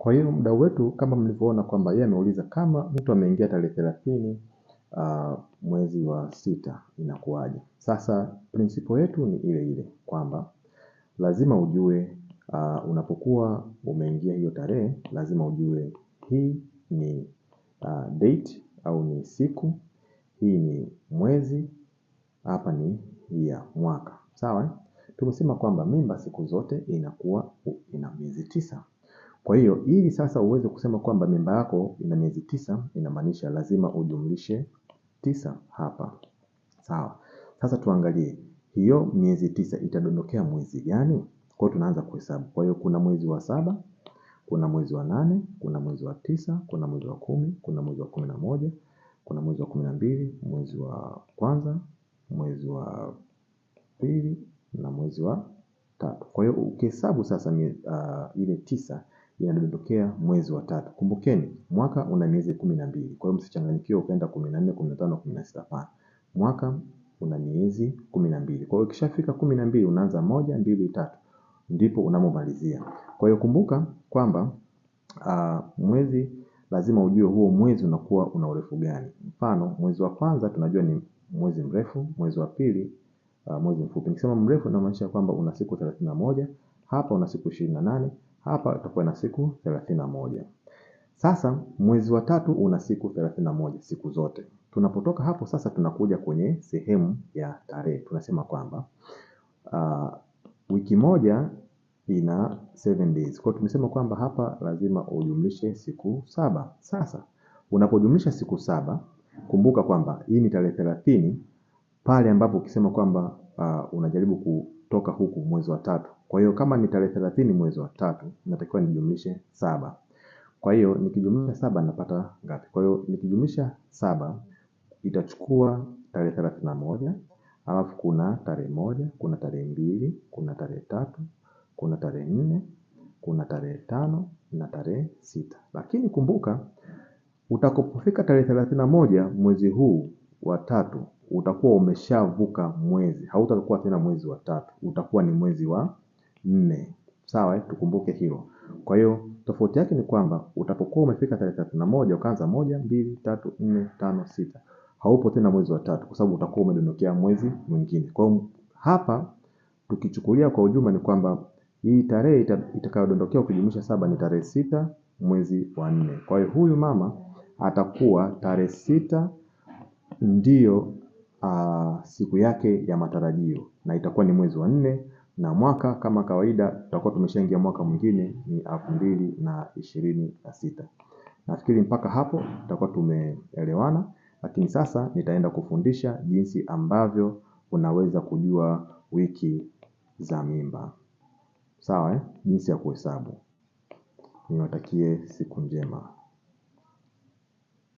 Kwa hiyo mdau wetu kama mlivyoona kwamba yeye ameuliza kama mtu ameingia tarehe thelathini uh, mwezi wa sita inakuwaje? Sasa prinsipo yetu ni ile ile kwamba lazima ujue uh, unapokuwa umeingia hiyo tarehe lazima ujue hii ni uh, date au ni siku, hii ni mwezi, hapa ni ya mwaka. Sawa, tumesema kwamba mimba siku zote inakuwa ina miezi tisa. Kwa hiyo, ili sasa uweze kusema kwamba mimba yako ina miezi tisa, inamaanisha lazima ujumlishe tisa hapa. Sawa. Sasa tuangalie, hiyo miezi tisa itadondokea mwezi gani? Kwa hiyo tunaanza kuhesabu. Kwa hiyo kuna mwezi wa saba, kuna mwezi wa nane, kuna mwezi wa tisa, kuna mwezi wa kumi, kuna mwezi wa kumi na moja, kuna mwezi wa kumi na mbili, mwezi wa kwanza, mwezi wa pili na mwezi wa tatu. Kwa hiyo ukihesabu sasa ah, ile tisa yanadondokea mwezi wa tatu. Kumbukeni, mwaka una miezi kumi na mbili, kwa hiyo msichanganyikiwe ukaenda kumi na nne, kumi na tano, kumi na sita. Hapana, mwaka una miezi kumi na mbili. Kwa hiyo ukishafika kumi na mbili unaanza moja, mbili, tatu, ndipo unamomalizia. Kwa hiyo kumbuka kwamba uh, mwezi lazima ujue huo mwezi unakuwa una urefu gani. Mfano, mwezi wa kwanza tunajua ni mwezi mrefu, mwezi wa pili uh, mwezi mfupi. Nikisema mrefu inamaanisha kwamba una siku 31, hapa una siku 28, hapa utakuwa na siku 31. Sasa mwezi wa tatu una siku 31 siku zote. Tunapotoka hapo sasa tunakuja kwenye sehemu ya tarehe. Tunasema kwamba uh, wiki moja ina 7 days. Kwa tumesema kwamba hapa lazima ujumlishe siku saba. Sasa unapojumlisha siku saba, kumbuka kwamba hii ni tarehe 30 pale ambapo ukisema kwamba uh, unajaribu ku toka huku mwezi wa tatu. Kwa hiyo kama ni tarehe 30 mwezi wa tatu, natakiwa nijumlishe saba. Kwa hiyo nikijumlisha saba napata ngapi? Kwa hiyo nikijumlisha saba itachukua tarehe na moja alafu kuna tarehe moja, kuna tarehe mbili, kuna tarehe tatu, kuna tarehe nne, kuna tarehe tano na tarehe sita. Lakini kumbuka utakapofika tarehe moja mwezi huu wa tatu utakuwa umeshavuka mwezi, hautakuwa tena mwezi wa tatu, utakuwa ni mwezi wa nne. Sawa, tukumbuke hilo. Kwa hiyo tofauti yake ni kwamba utapokuwa umefika tarehe thelathini na moja ukaanza moja, mbili, tatu, nne, tano, sita, haupo tena mwezi wa tatu, kwa sababu utakuwa umedondokea mwezi mwingine. Kwa hiyo hapa tukichukulia kwa ujumla ni kwamba hii tarehe itakayodondokea ukijumlisha saba ni tarehe sita mwezi wa nne. Kwa hiyo huyu mama atakuwa tarehe sita ndiyo uh, siku yake ya matarajio, na itakuwa ni mwezi wa nne na mwaka kama kawaida tutakuwa tumeshaingia mwaka mwingine ni elfu mbili na ishirini na sita. Nafikiri mpaka hapo tutakuwa tumeelewana, lakini sasa nitaenda kufundisha jinsi ambavyo unaweza kujua wiki za mimba. Sawa eh? Jinsi ya kuhesabu. Niwatakie siku njema.